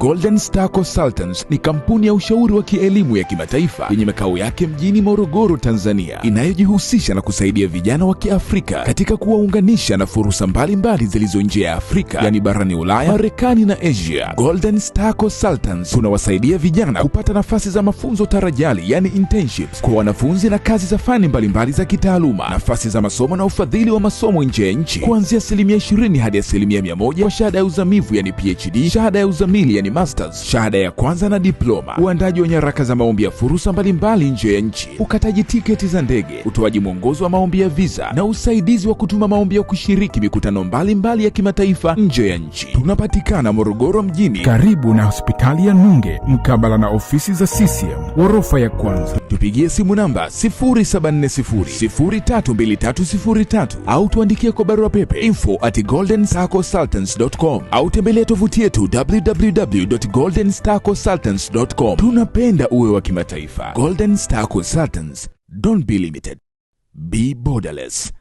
Golden Star Consultants ni kampuni ya ushauri wa kielimu ya kimataifa yenye makao yake mjini Morogoro, Tanzania, inayojihusisha na kusaidia vijana wa Kiafrika katika kuwaunganisha na fursa mbalimbali zilizo nje ya Afrika, yani barani Ulaya, Marekani na Asia. Golden Star Consultants tunawasaidia vijana kupata nafasi za mafunzo tarajali, yani internships, kwa wanafunzi na kazi za fani mbalimbali mbali za kitaaluma, nafasi za masomo na ufadhili wa masomo nje ya nchi kuanzia asilimia 20 hadi asilimia 100 kwa shahada ya uzamivu, yani PhD, shahada ya uzamili, yani ni masters, shahada ya kwanza na diploma, uandaji wa nyaraka za maombi ya fursa mbalimbali nje ya nchi, ukataji tiketi za ndege, utoaji mwongozo wa maombi ya visa na usaidizi wa kutuma maombi ya kushiriki mikutano mbalimbali mbali ya kimataifa nje ya nchi. Tunapatikana Morogoro mjini, karibu na hospitali ya Nunge, mkabala na ofisi za CCM ghorofa ya kwanza. Tupigie simu namba 0740032303 au tuandikie kwa barua pepe info at au tembelea tovuti yetu www www.goldenstarconsultants.com. Tunapenda uwe wa kimataifa. Golden Star Consultants, don't be limited, be borderless.